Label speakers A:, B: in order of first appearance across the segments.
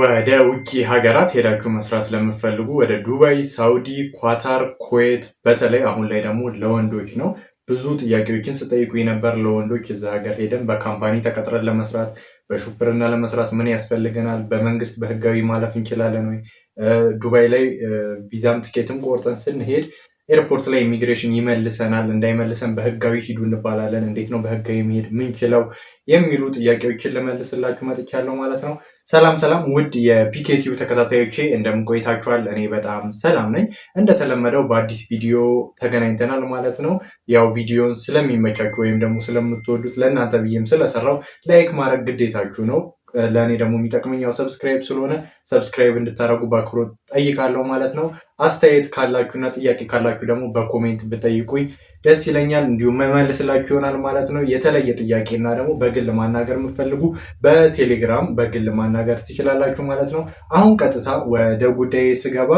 A: ወደ ውጭ ሀገራት ሄዳችሁ መስራት ለምፈልጉ ወደ ዱባይ፣ ሳውዲ፣ ኳታር፣ ኩዌት በተለይ አሁን ላይ ደግሞ ለወንዶች ነው ብዙ ጥያቄዎችን ስጠይቁ ነበር። ለወንዶች እዛ ሀገር ሄደን በካምፓኒ ተቀጥረን ለመስራት በሹፍርና ለመስራት ምን ያስፈልገናል? በመንግስት በህጋዊ ማለፍ እንችላለን ወይ? ዱባይ ላይ ቪዛም ትኬትም ቆርጠን ስንሄድ ኤርፖርት ላይ ኢሚግሬሽን ይመልሰናል እንዳይመልሰን በህጋዊ ሂዱ እንባላለን። እንዴት ነው በህጋዊ መሄድ ምንችለው? የሚሉ ጥያቄዎችን ልመልስላችሁ መጥቻለሁ ማለት ነው። ሰላም ሰላም፣ ውድ የፒኬቲዩ ተከታታዮቼ እንደምን ቆይታችኋል? እኔ በጣም ሰላም ነኝ። እንደተለመደው በአዲስ ቪዲዮ ተገናኝተናል ማለት ነው። ያው ቪዲዮን ስለሚመቻችሁ ወይም ደግሞ ስለምትወዱት ለእናንተ ብዬም ስለሰራው ላይክ ማድረግ ግዴታችሁ ነው። ለእኔ ደግሞ የሚጠቅመኛው ሰብስክራይብ ስለሆነ ሰብስክራይብ እንድታደረጉ በአክብሮት ጠይቃለሁ ማለት ነው። አስተያየት ካላችሁና ጥያቄ ካላችሁ ደግሞ በኮሜንት ብጠይቁኝ ደስ ይለኛል። እንዲሁም መመልስላችሁ ይሆናል ማለት ነው። የተለየ ጥያቄና ደግሞ በግል ማናገር የምፈልጉ በቴሌግራም በግል ማናገር ትችላላችሁ ማለት ነው። አሁን ቀጥታ ወደ ጉዳይ ስገባ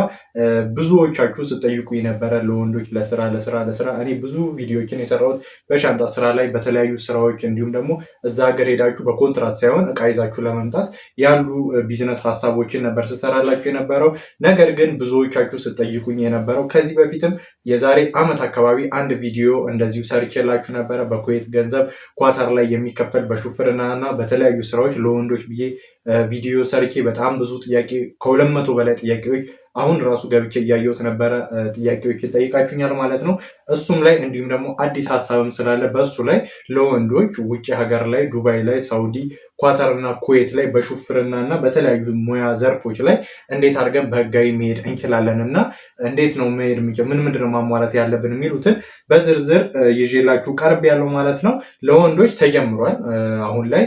A: ብዙዎቻችሁ ስጠይቁ የነበረ ለወንዶች ለስራ ለስራ ለስራ እኔ ብዙ ቪዲዮችን የሰራሁት በሻንጣ ስራ ላይ በተለያዩ ስራዎች እንዲሁም ደግሞ እዛ ሀገር ሄዳችሁ በኮንትራት ሳይሆን እቃ ይዛችሁ ለመምጣት ያሉ ቢዝነስ ሀሳቦችን ነበር ስሰራላችሁ የነበረው ነገር ግን ብዙዎቻችሁ ስጠይቁኝ የነበረው ከዚህ በፊትም የዛሬ ዓመት አካባቢ አንድ ቪዲዮ እንደዚሁ ሰርቼላችሁ ነበረ። በኩዌት ገንዘብ ኳታር ላይ የሚከፈል በሹፍርና እና በተለያዩ ስራዎች ለወንዶች ብዬ ቪዲዮ ሰርኬ በጣም ብዙ ጥያቄ ከሁለት መቶ በላይ ጥያቄዎች አሁን ራሱ ገብቼ እያየሁት ነበረ። ጥያቄዎች ይጠይቃችሁኛል ማለት ነው። እሱም ላይ እንዲሁም ደግሞ አዲስ ሀሳብም ስላለ በእሱ ላይ ለወንዶች ውጭ ሀገር ላይ ዱባይ ላይ ሳውዲ፣ ኳተር እና ኩዌት ላይ በሹፍርና እና በተለያዩ ሙያ ዘርፎች ላይ እንዴት አድርገን በህጋዊ መሄድ እንችላለን እና እንዴት ነው መሄድ ምን ምንድን ነው ማሟላት ያለብን የሚሉትን በዝርዝር ይዤላችሁ ቀርብ ያለው ማለት ነው። ለወንዶች ተጀምሯል አሁን ላይ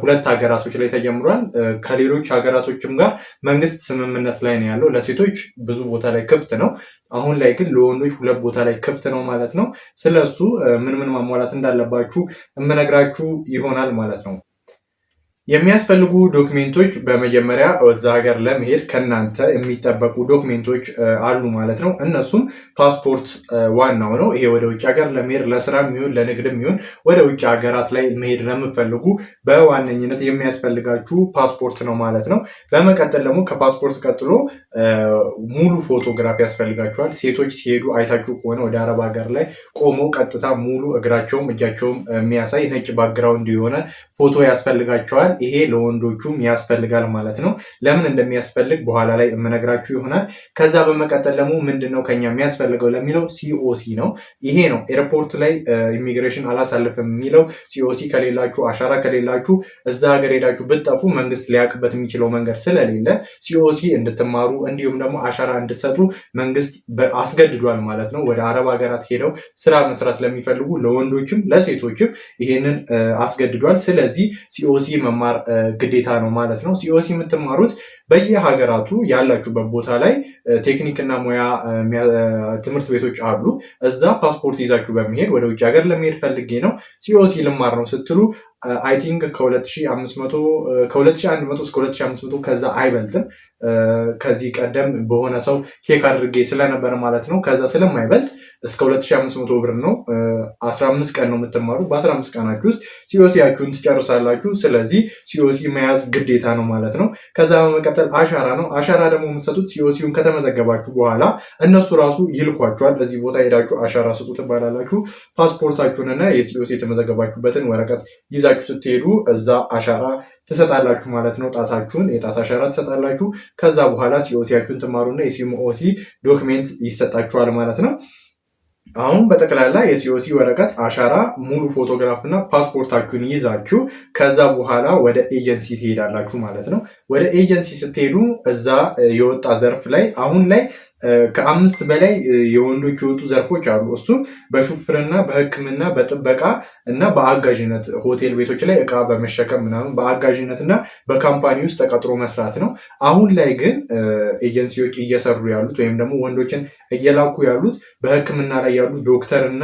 A: ሁለት ሀገራቶች ላይ ተጀምሯል። ከሌሎች ሀገራቶችም ጋር መንግስት ስምምነት ላይ ነው ያለው። ለሴቶች ብዙ ቦታ ላይ ክፍት ነው። አሁን ላይ ግን ለወንዶች ሁለት ቦታ ላይ ክፍት ነው ማለት ነው። ስለሱ ምን ምን ማሟላት እንዳለባችሁ የምነግራችሁ ይሆናል ማለት ነው። የሚያስፈልጉ ዶክሜንቶች በመጀመሪያ እዛ ሀገር ለመሄድ ከእናንተ የሚጠበቁ ዶክሜንቶች አሉ ማለት ነው። እነሱም ፓስፖርት ዋናው ነው። ይሄ ወደ ውጭ ሀገር ለመሄድ ለስራ የሚሆን ለንግድ የሚሆን ወደ ውጭ ሀገራት ላይ መሄድ ለምፈልጉ በዋነኝነት የሚያስፈልጋችሁ ፓስፖርት ነው ማለት ነው። በመቀጠል ደግሞ ከፓስፖርት ቀጥሎ ሙሉ ፎቶግራፍ ያስፈልጋችኋል። ሴቶች ሲሄዱ አይታችሁ ከሆነ ወደ አረብ ሀገር ላይ ቆመው ቀጥታ ሙሉ እግራቸውም እጃቸውም የሚያሳይ ነጭ ባግራውንድ የሆነ ፎቶ ያስፈልጋቸዋል። ይሄ ለወንዶቹም ያስፈልጋል ማለት ነው። ለምን እንደሚያስፈልግ በኋላ ላይ የምነግራችሁ ይሆናል። ከዛ በመቀጠል ደግሞ ምንድን ነው ከኛ የሚያስፈልገው ለሚለው ሲኦሲ ነው። ይሄ ነው ኤርፖርት ላይ ኢሚግሬሽን አላሳልፍም የሚለው ሲኦሲ ከሌላችሁ፣ አሻራ ከሌላችሁ እዛ ሀገር ሄዳችሁ ብትጠፉ መንግስት ሊያውቅበት የሚችለው መንገድ ስለሌለ ሲኦሲ እንድትማሩ እንዲሁም ደግሞ አሻራ እንድትሰጡ መንግስት አስገድዷል ማለት ነው። ወደ አረብ ሀገራት ሄደው ስራ መስራት ለሚፈልጉ ለወንዶችም ለሴቶችም ይሄንን አስገድዷል። ስለዚህ ሲኦሲ መማር የመማር ግዴታ ነው ማለት ነው። ሲኦሲ የምትማሩት በየሀገራቱ ያላችሁበት ቦታ ላይ ቴክኒክና ሙያ ትምህርት ቤቶች አሉ። እዛ ፓስፖርት ይዛችሁ በመሄድ ወደ ውጭ ሀገር ለመሄድ ፈልጌ ነው ሲኦሲ ልማር ነው ስትሉ አይ ቲንክ ከ2500 እስከ 2500 ከዛ አይበልጥም ከዚህ ቀደም በሆነ ሰው ቼክ አድርጌ ስለነበረ ማለት ነው። ከዛ ስለማይበልጥ እስከ 2500 ብር ነው። 15 ቀን ነው የምትማሩ። በ15 ቀናችሁ ውስጥ ሲኦሲያችሁን ትጨርሳላችሁ። ስለዚህ ሲኦሲ መያዝ ግዴታ ነው ማለት ነው። ከዛ በመቀጠል አሻራ ነው። አሻራ ደግሞ የምትሰጡት ሲኦሲውን ከተመዘገባችሁ በኋላ እነሱ ራሱ ይልኳችኋል። እዚህ ቦታ ሄዳችሁ አሻራ ስጡ ትባላላችሁ። ፓስፖርታችሁንና የሲኦሲ የተመዘገባችሁበትን ወረቀት ይዛችሁ ስትሄዱ እዛ አሻራ ትሰጣላችሁ ማለት ነው። ጣታችሁን የጣት አሻራ ትሰጣላችሁ። ከዛ በኋላ ሲኦሲያችሁን ትማሩና የሲኦሲ ዶክሜንት ይሰጣችኋል ማለት ነው። አሁን በጠቅላላ የሲኦሲ ወረቀት፣ አሻራ፣ ሙሉ ፎቶግራፍ እና ፓስፖርታችሁን ይዛችሁ ከዛ በኋላ ወደ ኤጀንሲ ትሄዳላችሁ ማለት ነው። ወደ ኤጀንሲ ስትሄዱ እዛ የወጣ ዘርፍ ላይ አሁን ላይ ከአምስት በላይ የወንዶች የወጡ ዘርፎች አሉ። እሱም በሹፍርና፣ በሕክምና፣ በጥበቃ እና በአጋዥነት ሆቴል ቤቶች ላይ እቃ በመሸከም ምናምን በአጋዥነትና በካምፓኒ ውስጥ ተቀጥሮ መስራት ነው። አሁን ላይ ግን ኤጀንሲዎች እየሰሩ ያሉት ወይም ደግሞ ወንዶችን እየላኩ ያሉት በሕክምና ላይ ያሉ ዶክተር እና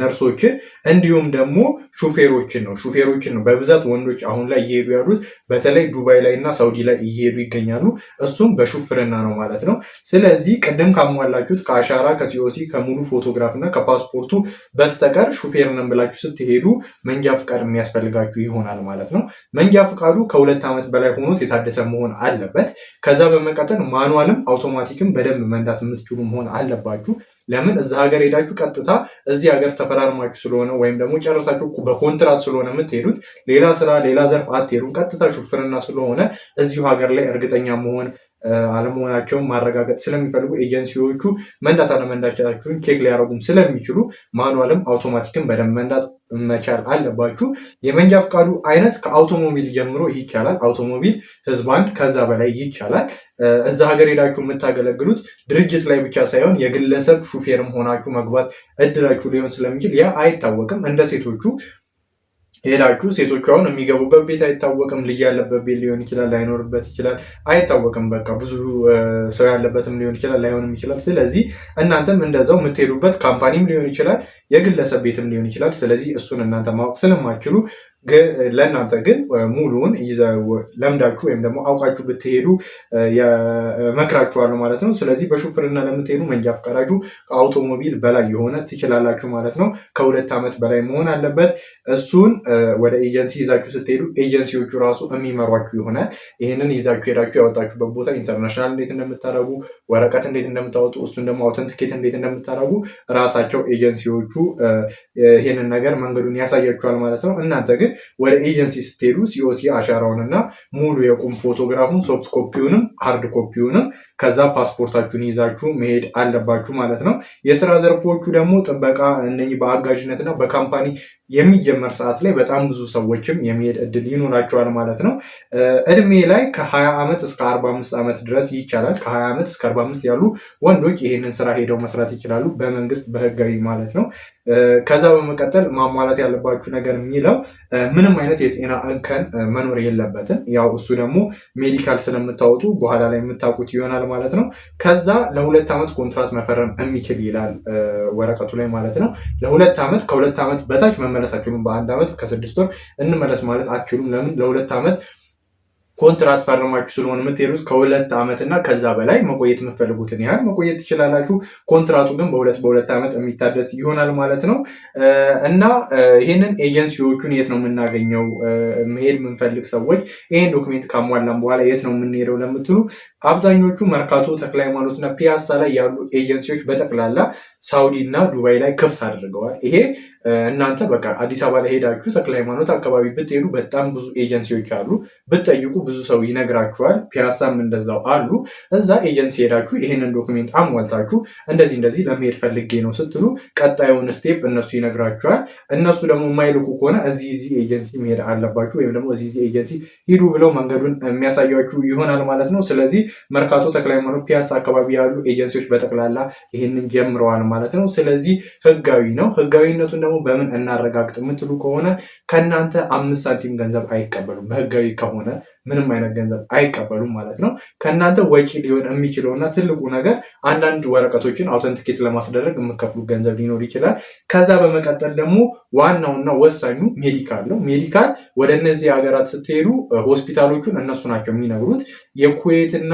A: ነርሶችን እንዲሁም ደግሞ ሹፌሮችን ነው ሹፌሮችን ነው በብዛት ወንዶች አሁን ላይ እየሄዱ ያሉት በተለይ ዱባይ ላይ እና ሳውዲ ላይ እየሄዱ ይገኛሉ። እሱም በሹፍርና ነው ማለት ነው ስለ ስለዚህ ቅድም ካሟላችሁት ከአሻራ ከሲኦሲ ከሙሉ ፎቶግራፍ እና ከፓስፖርቱ በስተቀር ሹፌር ነን ብላችሁ ስትሄዱ መንጃ ፍቃድ የሚያስፈልጋችሁ ይሆናል ማለት ነው። መንጃ ፍቃዱ ከሁለት ዓመት በላይ ሆኖት የታደሰ መሆን አለበት። ከዛ በመቀጠል ማኑዋልም አውቶማቲክም በደንብ መንዳት የምትችሉ መሆን አለባችሁ። ለምን እዛ ሀገር ሄዳችሁ ቀጥታ እዚህ ሀገር ተፈራርማችሁ ስለሆነ ወይም ደግሞ ጨረሳችሁ በኮንትራት ስለሆነ የምትሄዱት ሌላ ስራ ሌላ ዘርፍ አትሄዱም። ቀጥታ ሹፍርና ስለሆነ እዚሁ ሀገር ላይ እርግጠኛ መሆን አለመሆናቸውን ማረጋገጥ ስለሚፈልጉ ኤጀንሲዎቹ መንዳት አለመንዳቻችሁን ቼክ ሊያደርጉም ስለሚችሉ ማኑዋልም አውቶማቲክም በደንብ መንዳት መቻል አለባችሁ። የመንጃ ፈቃዱ አይነት ከአውቶሞቢል ጀምሮ ይቻላል። አውቶሞቢል ህዝብ አንድ ከዛ በላይ ይቻላል። እዛ ሀገር ሄዳችሁ የምታገለግሉት ድርጅት ላይ ብቻ ሳይሆን የግለሰብ ሹፌርም ሆናችሁ መግባት እድላችሁ ሊሆን ስለሚችል ያ አይታወቅም። እንደ ሴቶቹ ሄዳችሁ ሴቶቹ አሁን የሚገቡበት ቤት አይታወቅም። ልጅ ያለበት ቤት ሊሆን ይችላል፣ ላይኖርበት ይችላል፣ አይታወቅም። በቃ ብዙ ሰው ያለበትም ሊሆን ይችላል፣ ላይሆንም ይችላል። ስለዚህ እናንተም እንደዛው የምትሄዱበት ካምፓኒም ሊሆን ይችላል፣ የግለሰብ ቤትም ሊሆን ይችላል። ስለዚህ እሱን እናንተ ማወቅ ስለማችሉ ለእናንተ ግን ሙሉውን ለምዳችሁ ወይም ደግሞ አውቃችሁ ብትሄዱ መክራችኋሉ ማለት ነው። ስለዚህ በሹፍርና ለምትሄዱ መንጃ ፈቃዳችሁ ከአውቶሞቢል በላይ የሆነ ትችላላችሁ ማለት ነው። ከሁለት ዓመት በላይ መሆን አለበት። እሱን ወደ ኤጀንሲ ይዛችሁ ስትሄዱ ኤጀንሲዎቹ ራሱ የሚመሯችሁ ይሆናል። ይህንን ይዛችሁ ሄዳችሁ ያወጣችሁበት ቦታ ኢንተርናሽናል እንዴት እንደምታደርጉ፣ ወረቀት እንዴት እንደምታወጡ፣ እሱን ደግሞ አውተንቲኬት እንዴት እንደምታደርጉ ራሳቸው ኤጀንሲዎቹ ይህንን ነገር መንገዱን ያሳያችኋል ማለት ነው። እናንተ ግን ወደ ኤጀንሲ ስትሄዱ ሲኦሲ አሻራውን ሙሉ የቁም ፎቶግራፉን ሶፍት ኮፒውንም ሃርድ ኮፒውንም ከዛ ፓስፖርታችሁን ይዛችሁ መሄድ አለባችሁ ማለት ነው። የስራ ዘርፎቹ ደግሞ ጥበቃ እነ በአጋዥነትና በካምፓኒ የሚጀመር ሰዓት ላይ በጣም ብዙ ሰዎችም የሚሄድ እድል ይኖራቸዋል ማለት ነው። እድሜ ላይ ከ20 ዓመት እስከ 45 ዓመት ድረስ ይቻላል። ከ20 ዓመት እስከ 45 ያሉ ወንዶች ይህንን ስራ ሄደው መስራት ይችላሉ፣ በመንግስት በህጋዊ ማለት ነው። ከዛ በመቀጠል ማሟላት ያለባችሁ ነገር የሚለው ምንም አይነት የጤና እንከን መኖር የለበትም። ያው እሱ ደግሞ ሜዲካል ስለምታወጡ በኋላ ላይ የምታውቁት ይሆናል ማለት ነው። ከዛ ለሁለት ዓመት ኮንትራት መፈረም የሚችል ይላል ወረቀቱ ላይ ማለት ነው። ለሁለት ዓመት ከሁለት ዓመት በታች መመ መመለስ አችሉም። በአንድ ዓመት ከስድስት ወር እንመለስ ማለት አትችሉም። ለምን ለሁለት ዓመት ኮንትራት ፈርማችሁ ስለሆነ የምትሄዱት ከሁለት ዓመት እና ከዛ በላይ መቆየት የምትፈልጉትን ያህል መቆየት ትችላላችሁ። ኮንትራቱ ግን በሁለት በሁለት ዓመት የሚታደስ ይሆናል ማለት ነው እና ይህንን ኤጀንሲዎቹን የት ነው የምናገኘው? መሄድ የምንፈልግ ሰዎች ይህን ዶክሜንት ካሟላን በኋላ የት ነው የምንሄደው ለምትሉ አብዛኞቹ መርካቶ፣ ተክለ እና ፒያሳ ላይ ያሉ ኤጀንሲዎች በጠቅላላ ሳውዲ እና ዱባይ ላይ ክፍት አድርገዋል። ይሄ እናንተ በቃ አዲስ አበባ ላይ ሄዳችሁ ተክለ ሃይማኖት አካባቢ ብትሄዱ በጣም ብዙ ኤጀንሲዎች አሉ። ብትጠይቁ ብዙ ሰው ይነግራችኋል። ፒያሳም እንደዛው አሉ። እዛ ኤጀንሲ ሄዳችሁ ይህንን ዶክሜንት አሟልታችሁ እንደዚህ እንደዚህ ለመሄድ ፈልጌ ነው ስትሉ ቀጣዩን ስቴፕ እነሱ ይነግራችኋል። እነሱ ደግሞ የማይልቁ ከሆነ እዚህ እዚህ ኤጀንሲ መሄድ አለባችሁ ወይም ደግሞ እዚህ እዚህ ኤጀንሲ ሂዱ ብለው መንገዱን የሚያሳያችሁ ይሆናል ማለት ነው። ስለዚህ መርካቶ፣ ተክለ ሃይማኖት፣ ፒያሳ አካባቢ ያሉ ኤጀንሲዎች በጠቅላላ ይህንን ጀምረዋል ማለት ነው። ስለዚህ ህጋዊ ነው። ህጋዊነቱን ደግሞ በምን እናረጋግጥ የምትሉ ከሆነ ከእናንተ አምስት ሳንቲም ገንዘብ አይቀበሉም። በህጋዊ ከሆነ ምንም አይነት ገንዘብ አይቀበሉም ማለት ነው። ከእናንተ ወጪ ሊሆን የሚችለውና ትልቁ ነገር አንዳንድ ወረቀቶችን አውተንቲኬት ለማስደረግ የምከፍሉ ገንዘብ ሊኖር ይችላል። ከዛ በመቀጠል ደግሞ ዋናውና ወሳኙ ሜዲካል ነው። ሜዲካል ወደ እነዚህ ሀገራት ስትሄዱ ሆስፒታሎቹን እነሱ ናቸው የሚነግሩት። የኩዌትና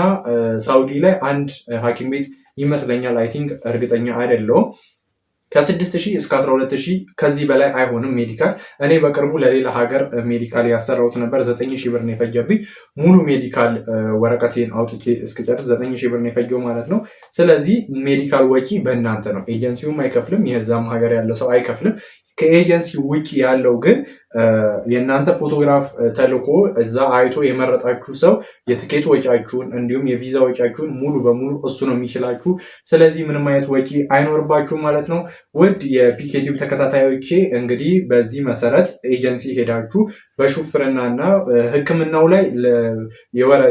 A: ሳውዲ ላይ አንድ ሐኪም ቤት ይመስለኛል፣ አይ ቲንክ እርግጠኛ አይደለውም ከ6000 እስከ 12000 ከዚህ በላይ አይሆንም ሜዲካል። እኔ በቅርቡ ለሌላ ሀገር ሜዲካል ያሰራሁት ነበር። 9000 ብር ነው የፈጀብኝ። ሙሉ ሜዲካል ወረቀቴን አውጥቼ እስክጨርስ 9000 ብር ነው የፈጀው ማለት ነው። ስለዚህ ሜዲካል ወጪ በእናንተ ነው። ኤጀንሲውም አይከፍልም፣ የዛም ሀገር ያለ ሰው አይከፍልም። ከኤጀንሲ ውጪ ያለው ግን የእናንተ ፎቶግራፍ ተልኮ እዛ አይቶ የመረጣችሁ ሰው የትኬት ወጫችሁን እንዲሁም የቪዛ ወጫችሁን ሙሉ በሙሉ እሱ ነው የሚችላችሁ። ስለዚህ ምንም አይነት ወጪ አይኖርባችሁ ማለት ነው። ውድ የፒኬቲቭ ተከታታዮቼ እንግዲህ በዚህ መሰረት ኤጀንሲ ሄዳችሁ እና ሕክምናው ላይ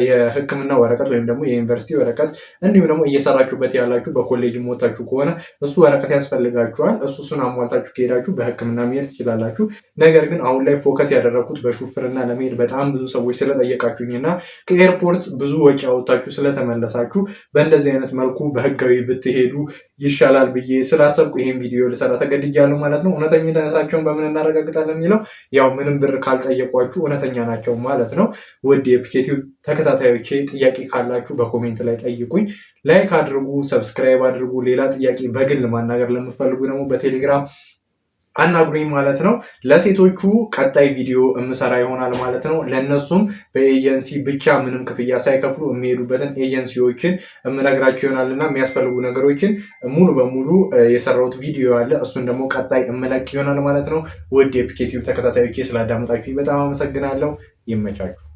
A: የሕክምና ወረቀት ወይም ደግሞ የዩኒቨርሲቲ ወረቀት እንዲሁም ደግሞ እየሰራችሁበት ያላችሁ በኮሌጅ ሞታችሁ ከሆነ እሱ ወረቀት ያስፈልጋችኋል። እሱ እሱን አሟልታችሁ ከሄዳችሁ በሕክምና መሄድ ትችላላችሁ። ነገር ግን አሁን ላይ ፎከስ ያደረግኩት በሹፍርና ለመሄድ በጣም ብዙ ሰዎች ስለጠየቃችሁኝ እና ከኤርፖርት ብዙ ወጪ አወጣችሁ ስለተመለሳችሁ በእንደዚህ አይነት መልኩ በህጋዊ ብትሄዱ ይሻላል ብዬ ስላሰብኩ ይህን ቪዲዮ ልሰራ ተገድጃለሁ ማለት ነው። እውነተኝነታቸውን በምን እናረጋግጣለን የሚለው ያው ምንም ብር ካልጠየቋችሁ እውነተኛ ናቸው ማለት ነው። ውድ የፒኬቲ ተከታታዮቼ ጥያቄ ካላችሁ በኮሜንት ላይ ጠይቁኝ። ላይክ አድርጉ፣ ሰብስክራይብ አድርጉ። ሌላ ጥያቄ በግል ማናገር ለምፈልጉ ደግሞ በቴሌግራም አናግሩኝ ማለት ነው። ለሴቶቹ ቀጣይ ቪዲዮ የምሰራ ይሆናል ማለት ነው። ለእነሱም በኤጀንሲ ብቻ ምንም ክፍያ ሳይከፍሉ የሚሄዱበትን ኤጀንሲዎችን የምነግራቸው ይሆናል እና የሚያስፈልጉ ነገሮችን ሙሉ በሙሉ የሰራሁት ቪዲዮ አለ። እሱን ደግሞ ቀጣይ እምለቅ ይሆናል ማለት ነው። ውድ የፒኬቲቭ ተከታታዮች ስላዳመጣችሁ በጣም አመሰግናለሁ። ይመቻችሁ።